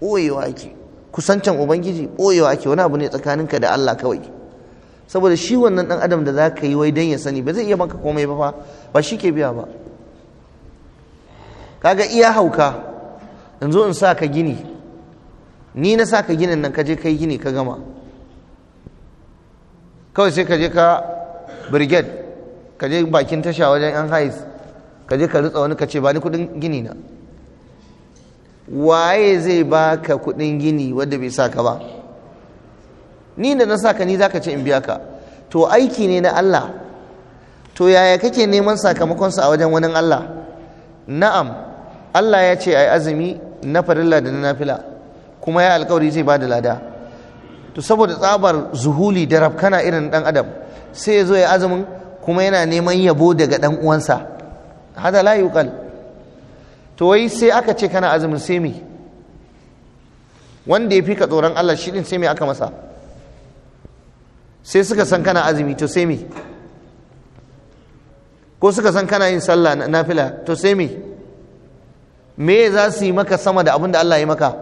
ɓoyewa ake kusancan ubangiji ɓoyewa ake wani abu ne tsakaninka da allah kawai saboda shi wannan ɗan adam da za ka yi wai don ya sani ba zai iya maka komai ba fa ba shi ke biya ba kaga iya hauka in zo in sa ka gini ni na sa ka ginin nan ka je yi gini ka gama kawai sai ka je ka brigade ka je bakin tasha wajen yan hais ka je ka rutsa wani ka ce ba ni kudin gini na waye zai ba ka kudin gini wadda bai sa ka ba ni da na sa ka ni za ka ce in biya ka to aiki ne na Allah to yaya kake neman sakamakonsa a wajen wani Allah na'am Allah ya ce ai azumi na farilla da na nafila kuma ya alkawari zai ba da lada to saboda tsabar zuhuli da rafkana irin dan adam sai ya zo ya azumin kuma yana neman yabo daga dan uwansa hada la yuqal to wai sai aka ce kana azumin sai me wanda ya fi ka tsoron Allah shi din sai me aka masa sai suka san kana azumi to sai me ko suka san kana yin sallah na nafila to sai me me za su yi maka sama da abin da Allah ya maka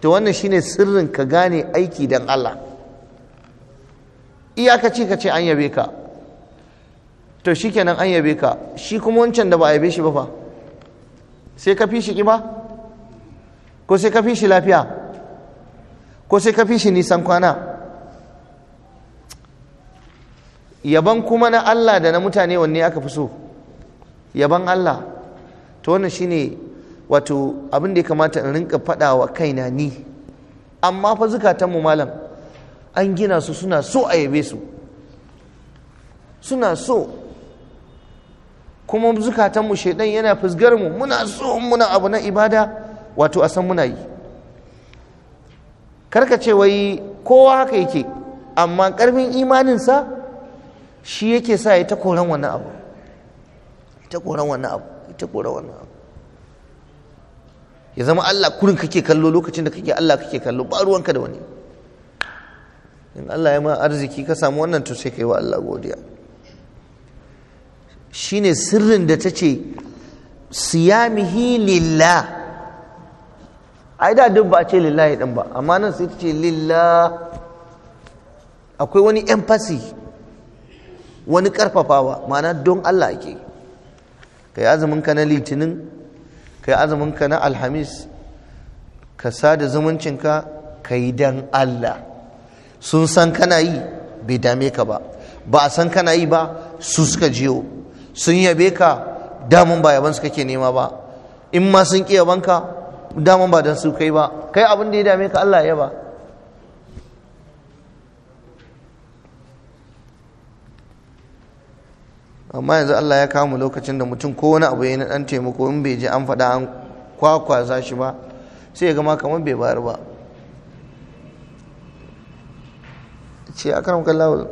to wannan shine sirrin ka gane aiki dan Allah ce ka ce an yabe ka to shi kenan an yabe ka shi kuma wancan da ba a yabe shi ba fa sai ka fi shi kiba ko sai ka fi shi lafiya ko sai ka fi shi nisan kwana yaban kuma na Allah da na mutane wanne aka fi so yaban Allah to wannan shine wato abin da ya kamata in rinka faɗa wa kaina ni amma fa zukatan mu malam an gina su suna so a yabe su suna so kuma zukatan mu shaidan yana fusgar mu muna so muna abu na ibada wato a san muna yi karka ce wai kowa haka yake amma karfin imaninsa shi yake sa ya ta koran wannan abu ta koran wannan abu ita kura wannan abu ya zama Allah kurin kake kallo lokacin da kake Allah kake kallo ba ruwanka da wani in Allah ya ma arziki ka samu wannan to sai kai wa Allah godiya shine sirrin da ta ce siyamihi lillah ai da duk ba ce lillahi din ba amma nan sai ta ce lillah akwai wani emphasis wani karfafawa ma'ana don Allah ake kai azumin ka na litinin kai azumin ka na alhamis ka da zumuncin ka yi dan Allah sun san kana yi bai dame ka ba ba a san kana yi ba su suka jiyo sun yabe ka damun ba yaban suka ke nema ba in ma sun ƙi ka damun ba don su kai ba kai abin da ya dame ka Allah ya ba amma yanzu Allah ya kawo mu lokacin da mutum ko wani abu ya na dan taimako in bai je an faɗa an kwakwaza shi ba sai ya gama kamar bai bayar ba ce akram kallahu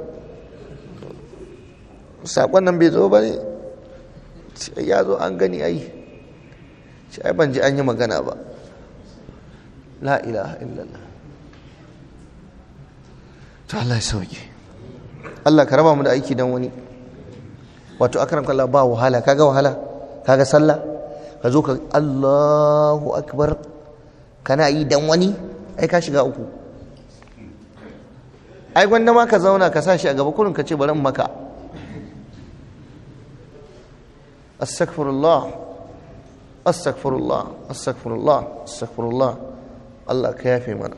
saƙon nan bai zo ba ne ya zo an gani ai ce ai ban ji an yi magana ba la ilaha illallah to Allah ya sauke Allah ka raba mu da aiki don wani wato akram kallah ba wahala kaga wahala kaga sallah ka zo ka Allahu akbar kana yi dan wani ai ka shiga uku ai gwanda ma ka zauna ka sa shi a gaba kurin ka ce bari maka astaghfirullah astaghfirullah astaghfirullah astaghfirullah Allah ka yafe mana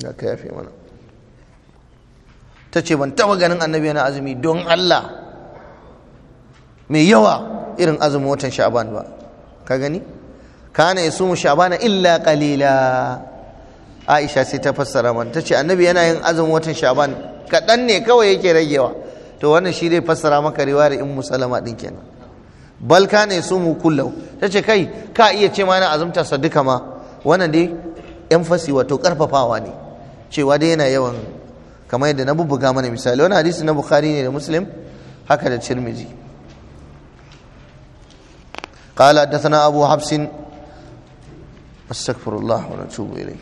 Allah ka yafe mana tace ban taba ganin annabi yana azumi don Allah mai yawa irin azumin watan sha'aban ba ka gani kana sumu sha'bana illa qalila Aisha sai ta fassara man tace annabi yana yin azumin watan Shaban. Kaɗan ne kawai yake ragewa to wannan shi dai fassara maka riwayar in musalama din kenan bal kana kullum ta tace kai ka iya ce ma yana azumta duka ma wannan dai yan fasi wato karfafawa ne cewa dai yana yawan kamar yadda na bubbuga mana misali Wani hadisi na bukhari ne da muslim haka da tirmidhi قال حدثنا أبو حفص استغفر الله ونتوب إليه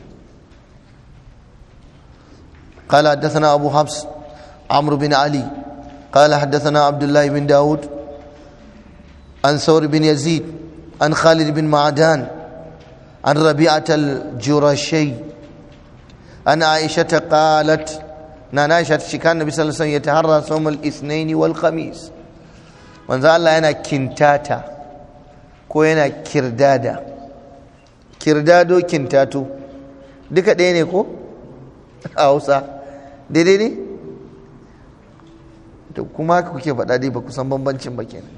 قال حدثنا أبو حفص عمرو بن علي قال حدثنا عبد الله بن داود عن ثور بن يزيد عن خالد بن معدان عن ربيعة الجرشي عن عائشة قالت نانا عائشة كان النبي صلى الله عليه وسلم يتحرى صوم الاثنين والخميس من الله أنا كنتاتا ko yana kirdada kirdado kintato duka ɗaya ne ko a hausa daidai ne da kuma haka kuke faɗa dai ba kusan bambancin ba kenan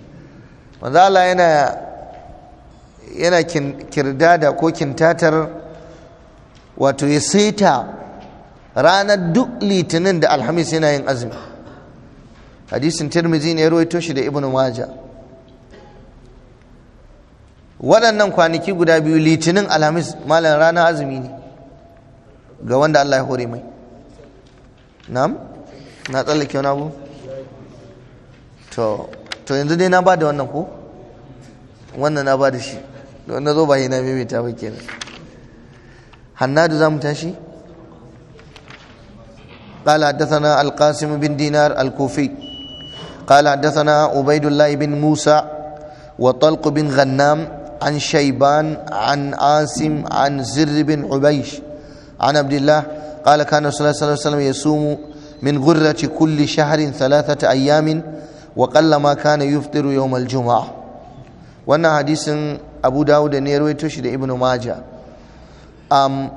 manzo Allah yana yana kirdada ko kintatar wato ya saita ranar duk litinin da alhamis yana yin azumi hadisin tirmizi ne ya rawaito shi da ibnu majah waɗannan kwanaki guda biyu litinin alhamis malam ranar azumi ne ga wanda Allah ya hore mai na'am na tsallake wani abu to to yanzu dai na ba da wannan ko wannan na ba da shi don na zo ba na ta ba kenan hannadu za mu tashi قال حدثنا القاسم بن دينار الكوفي قال حدثنا عبيد الله بن موسى وطلق بن غنام عن شيبان عن عاصم عن زر بن عبيش عن عبد الله قال كان رسول الله صلى الله عليه وسلم يصوم من غرة كل شهر ثلاثة أيام وقل ما كان يفطر يوم الجمعة وانا حديث أبو داود نيروي تشد ابن ماجة أم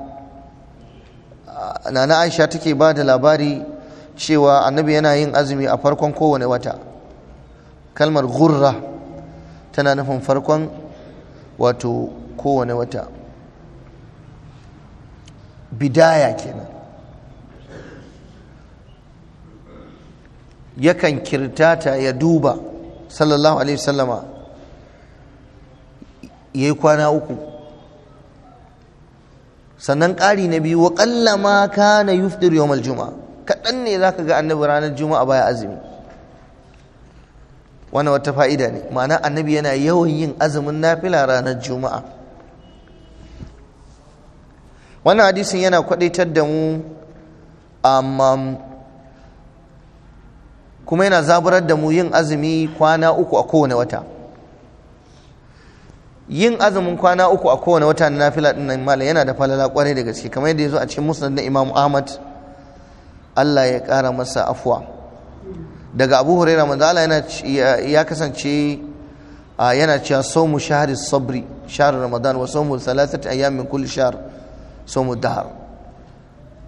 nana aisha take ba da labari cewa annabi yana yin azumi a farkon kowane wata kalmar gurra tana nufin farkon wato kowane wata bidaya kenan yakan kirtata ya duba sallallahu alaihi wasallama ya yi kwana uku sannan ƙari na biyu wa ƙallama kana yufdir yawon juma'a kaɗan ne za ka ga annabi ranar juma'a baya azumi wannan wata fa'ida ne ma'ana annabi yana yawan yin azumin nafila ranar juma'a wannan hadisin yana kwadaitar da mu um, um, kuma yana zaburar da mu yin azumi kwana uku a kowane wata yin azumin kwana uku a kowane wata na nafila ɗin nan malam yana da falala kwarai da gaske kamar yadda ya zo a cikin musulun na Imam Ahmad Allah ya ƙara masa afuwa. daga abu huraira manzo Allah ya kasance yana cewa sawmu shahri sabri shahr ramadan wa sawmu thalathati ayyam min kulli shahr sawmu dahar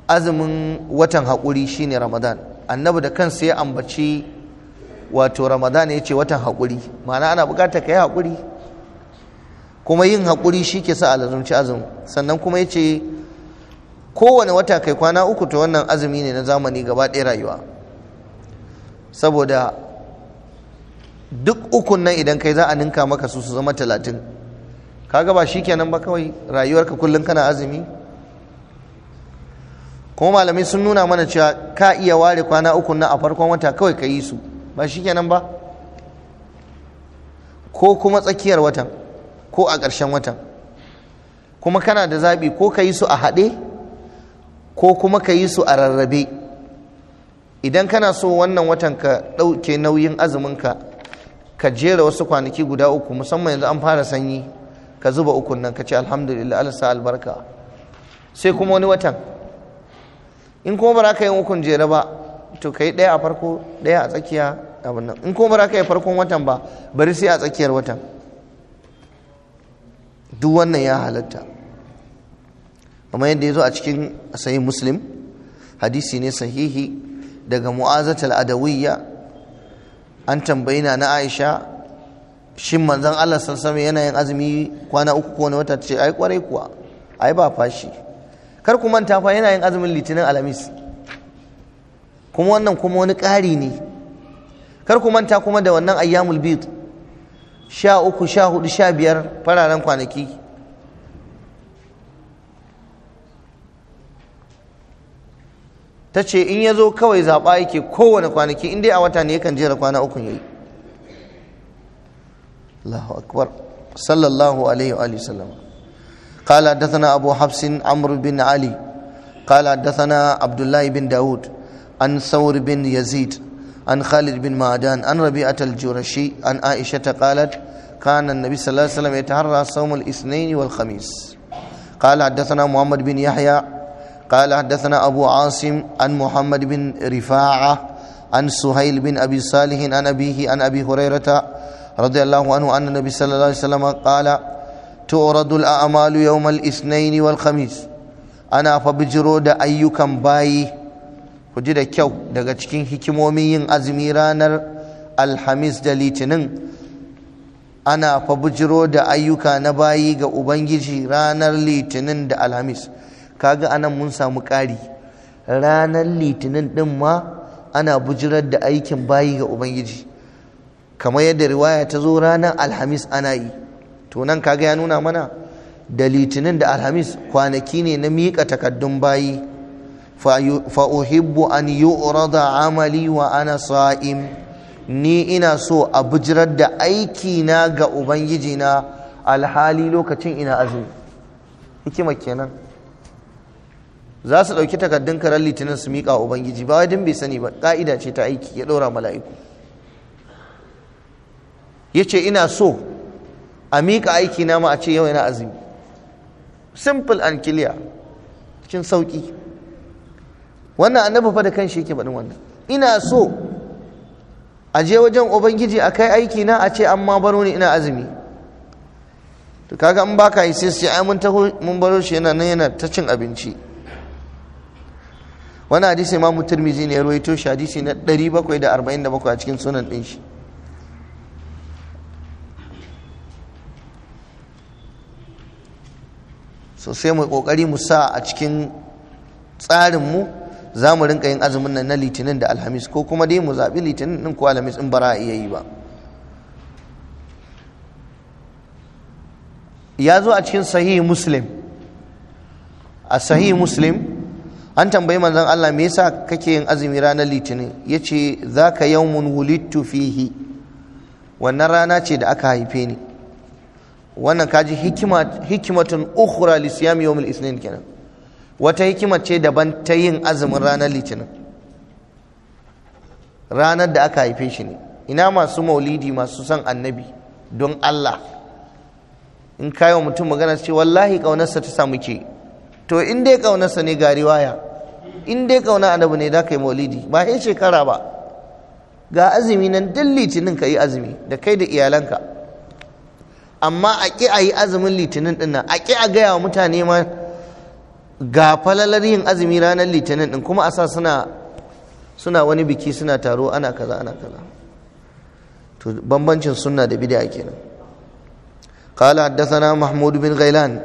azumin watan hakuri shine ramadan annabi da kansa ya ambaci wato ramadan ya ce watan hakuri ma'ana ana bukatar ka yi hakuri kuma yin hakuri shi ke sa alazumci azumi sannan kuma ya ce kowane wata kai kwana uku ta wannan azumi ne na zamani gaba ɗaya rayuwa saboda duk ukun nan idan kai za a ninka maka su su zama talatin kaga ba shi kenan ba kawai rayuwarka kullum kana azumi kuma malamai sun nuna mana cewa ka iya ware kwana uku na a farkon wata kawai ka yi su ba shi kenan ba ko kuma tsakiyar watan ko a ƙarshen watan kuma kana da zaɓi ko ka yi su a haɗe ko kuma ka yi su a rarrabe idan kana so wannan watan ka ɗauke nauyin azuminka ka jera wasu kwanaki guda uku musamman yanzu an fara sanyi ka zuba ukun nan ka ce alhamdulillah Allah sa albarka sai kuma wani watan in kuma ba ka yi ukun jera ba to kai daya ɗaya a farko ɗaya a tsakiya abin nan in kuma ba ka yi farkon watan ba bari sai a tsakiyar watan duk wannan ya halatta amma yadda ya zo a cikin sahih muslim hadisi ne sahihi daga mu'azat al'adawiyya an tambayi na na Aisha shin manzon Allah sallallahu yana yanayin azumi kwana uku ko wani wata ce ai kwarai kuwa ai ba fashi kar ku manta fa yana azumin litinin alhamis kuma wannan kuma wani ƙari ne kar ku manta kuma da wannan ayyamul bid sha uku sha hudu sha biyar fararen kwanaki ta ce in ya zo kawai zaɓa yake kowane kwanaki in dai a wata ne yakan jera kwana ukun yayi Allahu akbar sallallahu alaihi wa alihi sallam قال حدثنا أبو حفص عمرو بن علي قال حدثنا عبد الله بن داود عن ثور بن يزيد عن خالد بن معدان عن ربيعة الجرشي عن عائشة قالت كان النبي صلى الله عليه وسلم يتحرى صوم الاثنين والخميس قال حدثنا محمد بن يحيى قال حدثنا أبو عاصم عن محمد بن رفاعة عن سهيل بن أبي صالح عن أبيه عن أبي هريرة رضي الله عنه أن النبي صلى الله عليه وسلم قال تعرض الأعمال يوم الاثنين والخميس أنا فبجرو دا أيكم باي kuji كيو kyau daga cikin hikimomin yin azumi ranar alhamis da litinin ana fa bujiro da ayyuka na bayi ga ubangiji ranar litinin da alhamis kaga anan mun samu ƙari ranar litinin ɗin ma ana bujirar da aikin bayi ga ubangiji kamar yadda riwaya ta zo ranar alhamis ana yi to nan kaga ya nuna mana da litinin da alhamis kwanaki ne na miƙa takaddun bayi fa uhibbu an yu'rada amali wa ana sa'im ni ina so a bujirar da aiki na ga ubangiji na alhali lokacin ina azumi hikima kenan za su ɗauki takardun karar litinin su miƙa ubangiji ba wai bai sani ba ƙa'ida ce ta aiki ya ɗora mala'iku ya ce ina so a miƙa aiki na ma a ce yau yana azumi simple and clear cikin sauƙi wannan annabi fa da kanshi yake faɗin wannan ina so a je wajen ubangiji a kai aiki na a ce an ma baro ni ina azumi to kaga in baka yi sai ai mun taho mun baro shi yana nan yana ta cin abinci wani hadisi imamu tirmizi ne ya ruwaito shi hadisi na 747 a cikin sunan din shi so sai mu kokari mu sa a cikin tsarin mu za mu rinka yin azumin nan na litinin da alhamis ko kuma dai mu zaɓi litinin ɗin ko alhamis in bara iya yi ba ya zo a cikin sahihi muslim a sahihi muslim an tambayi manzon Allah me yasa kake yin azumi ranar litinin yace zaka yawmun wulidtu fihi wannan rana ce da aka haife ni wannan kaji hikima hikimatun ukhra li siyam al ithnin kenan wata hikima ce daban ta yin azumin ranar litinin ranar da aka haife shi ne ina masu maulidi masu son annabi don Allah in kayo mutum magana ce wallahi kaunarsa ta samu ke to in dai kaunarsa ne ga riwaya in dai kauna annabi ne da kai maulidi ba sai shekara ba ga azumi nan duk litinin ka yi azumi da kai da iyalanka amma a ƙi a yi azumin litinin ɗin nan a ƙi a gaya wa mutane ma ga falalar yin azumi ranar litinin ɗin kuma a sa suna suna wani biki suna taro ana kaza ana kaza to bambancin sunna da bid'a kenan qala حدثنا Mahmud Bin ghailan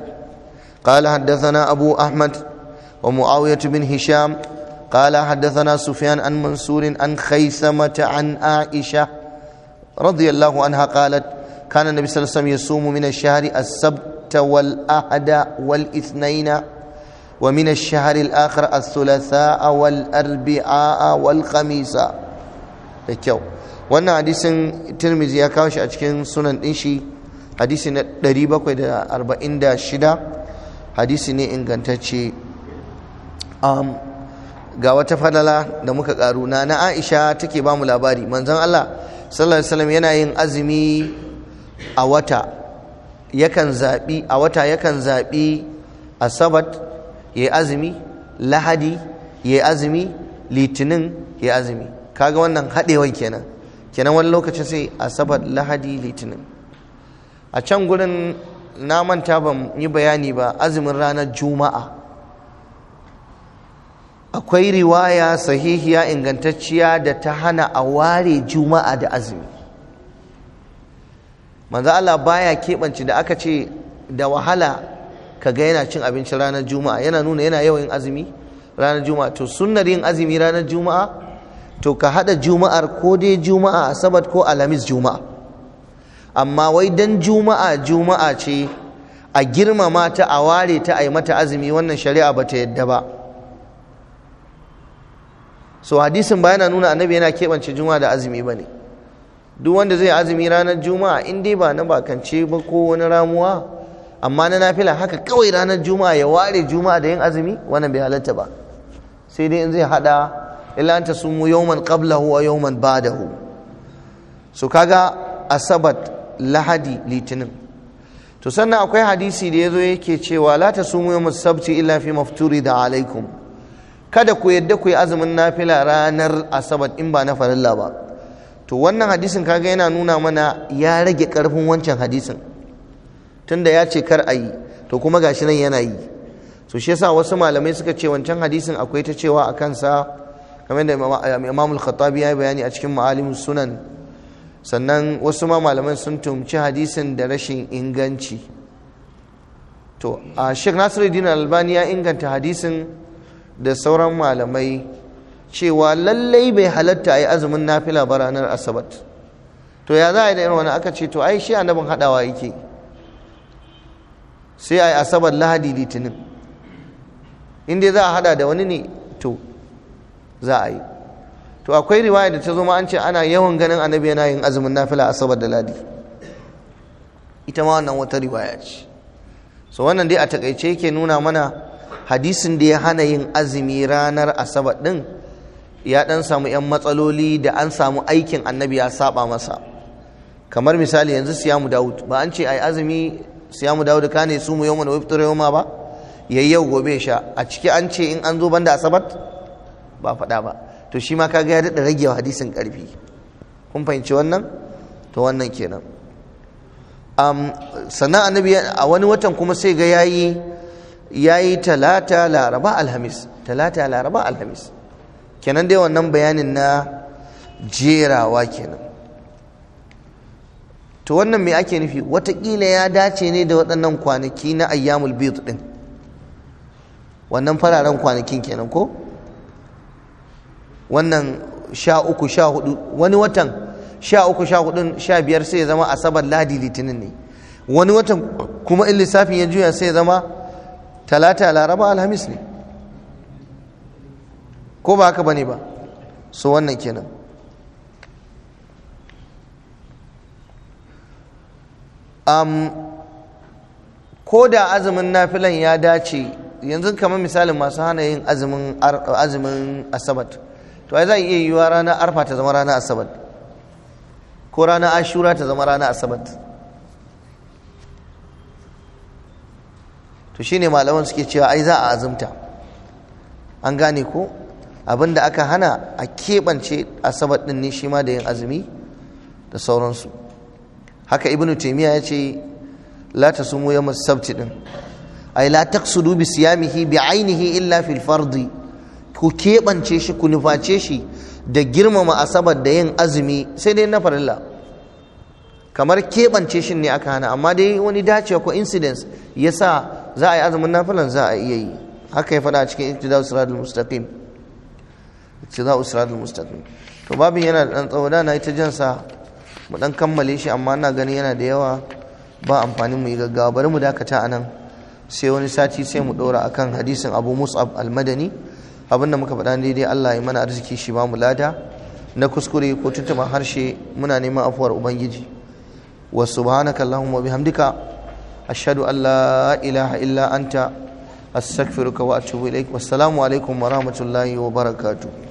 qala حدثنا Abu Ahmad. ومعاوية بن هشام قال حدثنا سفيان عن منصور عن خيسمة عن عائشة رضي الله عنها قالت كان النبي صلى الله عليه وسلم يصوم من الشهر السبت والأحد والإثنين ومن الشهر الآخر الثلاثاء والأربعاء والخميس لكيو وانا حديث ترمزي يكاوش أجكين سنن إنشي حديث دريبا كويدا أربعين دا شدا حديث ني إنغانتاتشي ga wata falala da muka karu na na Aisha take ba mu labari manzon Allah sallallahu alaihi wasallam yana yin azumi a wata yakan zabi a wata yakan zabi asabat azumi lahadi yayi azumi litinin yayi azumi kaga wannan hadewai kenan kenan wani lokacin sai asabat lahadi litinin a can gurin na manta ban yi bayani ba azumin ranar juma'a akwai riwaya sahihiya ingantacciya da ta hana a ware juma'a da azumi manzo Allah baya keɓance da aka ce da wahala ka ga yana cin abinci ranar juma'a yana nuna yana yawan azumi ranar juma'a to sunnar yin azumi ranar juma'a to ka hada juma'ar ko dai juma'a asabar ko alamis juma'a amma wai dan juma'a juma'a ce a girmama ta a ware ta a yi mata azumi wannan shari'a bata yadda ba so hadisin ba yana nuna annabi yana keɓance juma'a da azumi ba ne duk wanda zai azumi ranar juma'a in dai ba na bakance ba ko wani ramuwa amma na nafila haka kawai ranar juma'a ya ware juma'a da yin azumi wannan bai halatta ba sai dai in zai hada illa an tasumu yawman qablahu wa yawman ba'dahu so kaga asabat lahadi litinin to sannan akwai hadisi da ya zo yake cewa lata tasumu yawmas sabti illa fi mafturi da alaikum kada ku yadda ku yi azumin nafila ranar asabar in ba na farilla ba to wannan hadisin kaga yana nuna mana ya rage karfin wancan hadisin tunda ya ce kar a yi to kuma gashi nan yana yi so shi yasa wasu malamai suka ce wancan hadisin akwai ta cewa a kansa kamar da eh, imamul khattabi ya yi bayani a cikin ma'alimin sunan sannan wasu ma malaman sun tumci hadisin da rashin inganci to a sheikh nasiruddin albani ya inganta hadisin da sauran malamai cewa lallai bai halatta a yi azumin nafila ba ranar asabat to ya za a yi da irin wani aka ce to ai shi annabin haɗawa yake sai a yi asabar lahadi litinin inda za a haɗa da wani ne to za a yi to akwai riwaya da ta zo ma an ce ana yawan ganin annabi yana yin azumin nafila asabar da ladi ita ma wannan wata riwaya ce so wannan dai a takaice yake nuna mana hadisin da ya hana yin azumi ranar asabar din ya dan samu yan matsaloli da an samu aikin annabi ya saba masa kamar misali yanzu siyamu dawud ba an ce ai azumi siyamu dawud ka ne su mu yawman wa iftar yawma ba yayi yau gobe sha a ciki an ce in an zo banda asabar ba faɗa ba to shi ma kaga ya daɗa rage wa hadisin ƙarfi kun fahimci wannan to wannan kenan um, sannan annabi a wani watan kuma sai ga yayi ya yi talata laraba alhamis talata laraba alhamis kenan dai wannan bayanin na jerawa kenan to wannan me ake nufi watakila ya dace ne da waɗannan kwanaki na ayyamul bid din wannan fararen kwanakin kenan ko wannan sha uku sha hudu wani watan sha uku sha hudun sha biyar sai ya zama asabar ladi litinin ne wani watan kuma in lissafin ya juya sai ya zama talata laraba alhamis ne ko ba haka bane ba so wannan kenan ko da azumin nafilan ya dace yanzu kamar misalin masu hana yin azumin asabat to ai za a iya yiwuwa ranar arfa ta zama ranar asabat ko ranar ashura ta zama ranar asabat to shine malaman suke cewa ai za a azumta an gane ko abinda aka hana a keɓance asabar din ne shi ma da yin azumi da sauransu haka ibnu taimiya ya ce la ta sumu yamma sabti ɗin ai la taqsudu bi siyamihi bi ainihi illa fil fardi ku keɓance shi ku nuface shi da girmama asabar da yin azumi sai dai na farilla kamar keɓance shi ne aka hana amma dai wani dacewa ko incidence ya sa za a yi azumin nafilan za a iya yi haka ya faɗa a cikin iktida'u usradul mustaqim iktida'u usradul mustaqim to babin yana da dan tsawo da na ita jansa mu dan kammale shi amma ina gani yana da yawa ba amfani mu yi gaggawa bari mu dakata anan sai wani sati sai mu dora akan hadisin Abu Mus'ab al-Madani abinda muka faɗa dai-dai Allah ya mana arziki shi ba mu lada na kuskure ko tuntuma harshe muna neman afuwar ubangiji wa subhanaka allahumma bihamdika ashadu an la ilaha illa anta astaghfiruka wa atubu ilaik wassalamu alaikum wa rahmatullahi wa barakatuh